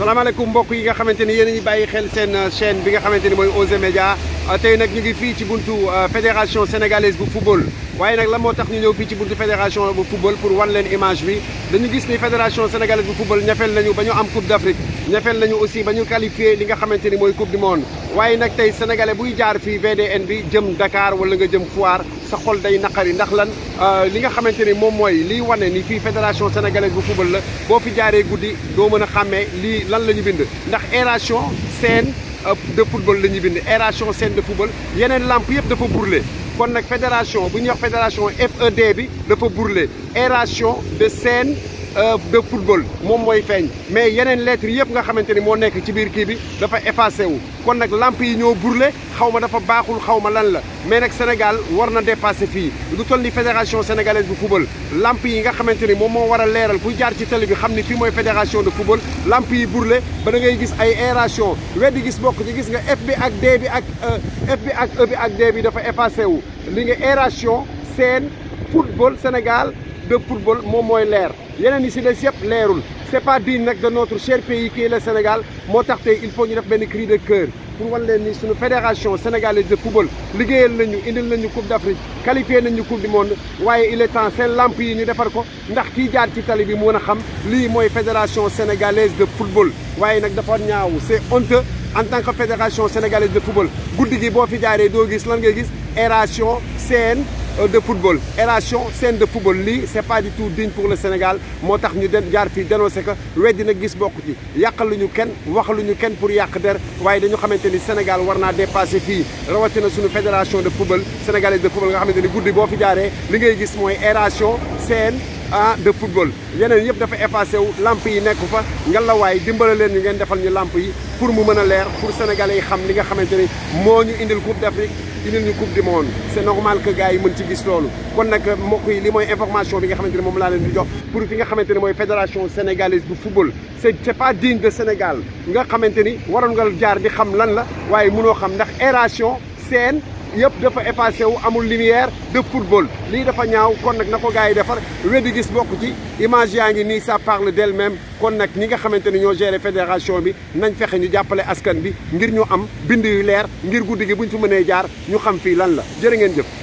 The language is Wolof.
السلام عليكم بوك ييغا خامتيني يينا ني باي خيل سين شين بيغا خامتيني موي اوزي ميديا تاي ناك نيغي في تي بونتو فيدراسيون سينيغاليز بو فوتبول واي ناك لامو تاخ ني نيو في تي بونتو فيدراسيون بو فوتبول بور وان لين ايماج بي دا نيو غيس ني فيدراسيون سينيغاليز بو فوتبول نيافل نانيو بانيو ام كوب دافريك ñafel lañu aussi ba ñu qualifié li nga xamanteni moy coupe du monde waye nak tay sénégalais buy jaar fi VDN bi jëm Dakar wala nga jëm Foire sa xol day nakari ndax lan li nga xamanteni mom moy li wone ni fi fédération sénégalaise bu football la bo fi jaaré goudi do mëna xamé li lan lañu bind ndax aération scène de football lañu bind aération scène de football yenen lamp yëpp dafa brûlé kon nak fédération bu ñu wax fédération FED bi dafa brûlé aération de scène Euh, de football mom moy feeñ mais yenen lettre yep nga xamanteni mo nek ci biir ki bi dafa effacé wu kon nak lampe yi ñoo brûlé xawma dafa baxul xawma lan la mais nak Sénégal war na dépassé fii du toll ni fédération sénégalaise bu football lampe yi nga xamanteni mom mo wara léral ku jaar ci télé bi xamni fi moy mooy fédération de football lampe yi brûlé ba da ngay gis ay aération weddi gis bokk ci gis nga fb ak D bi ak euh, F ak E bi ak D bi dafa effacé wu li nga aération seen football Sénégal de football mom moy leer yeneen yi si des c'est pas digne de notre cher pays qui est le Sénégal moo il faut ñu def benn cri de cœur pour wan leen ni fédération sénégalaise de football liggéeyal nañu indil nañu coupe d'Afrique qualifié nañu coupe du monde waaye il est temps c'est lamp yi ñu defar ko ndax kii jaar ci tali bi mu xam fédération sénégalaise de football waaye nag dafa ñaaw c'est honteux en tant que fédération sénégalaise de football guddi gi boo fi jaaree doo gis lan ngay gis aération seen euh, de football ération scène de football c'est pas du tout digne pour le Sénégal montagne tax ñu den jaar dénoncé que le gis pour der de Sénégal dépassé fédération de football sénégalaise de football nga le fi li scène ah de football yeneen yëpp dafa effacé wu lamp yi nekk fa ngelawaay dimbale leen ñu ngeen defal ñu lamp yi pour mu mën a leer pour sénégalais yi xam li nga xamante ni moo ñu indil coupe d'Afrique indil ñu coupe du monde c'est normal que gars yi mën ci gis loolu kon nag mbokk yi li mooy information bi nga xamante ne moom laa leen di jox pour fi nga xamante ne mooy fédération sénégalaise du football c'est c'est pas digne de Sénégal nga xamante ni waroon nga jaar di xam lan la waaye mënoo xam ndax aération seen yëpp dafa effacé wu amul lumière de football Li dafa ñaaw kon na ko gars yi defar ça parle d'elle-même kon nag ñi nga xamante ni ñoo fédération bi nañ fexe ñu jàppale askan bi ngir ñu am bind yu leer ngir guddi gi buñ fi jaar ñu xam la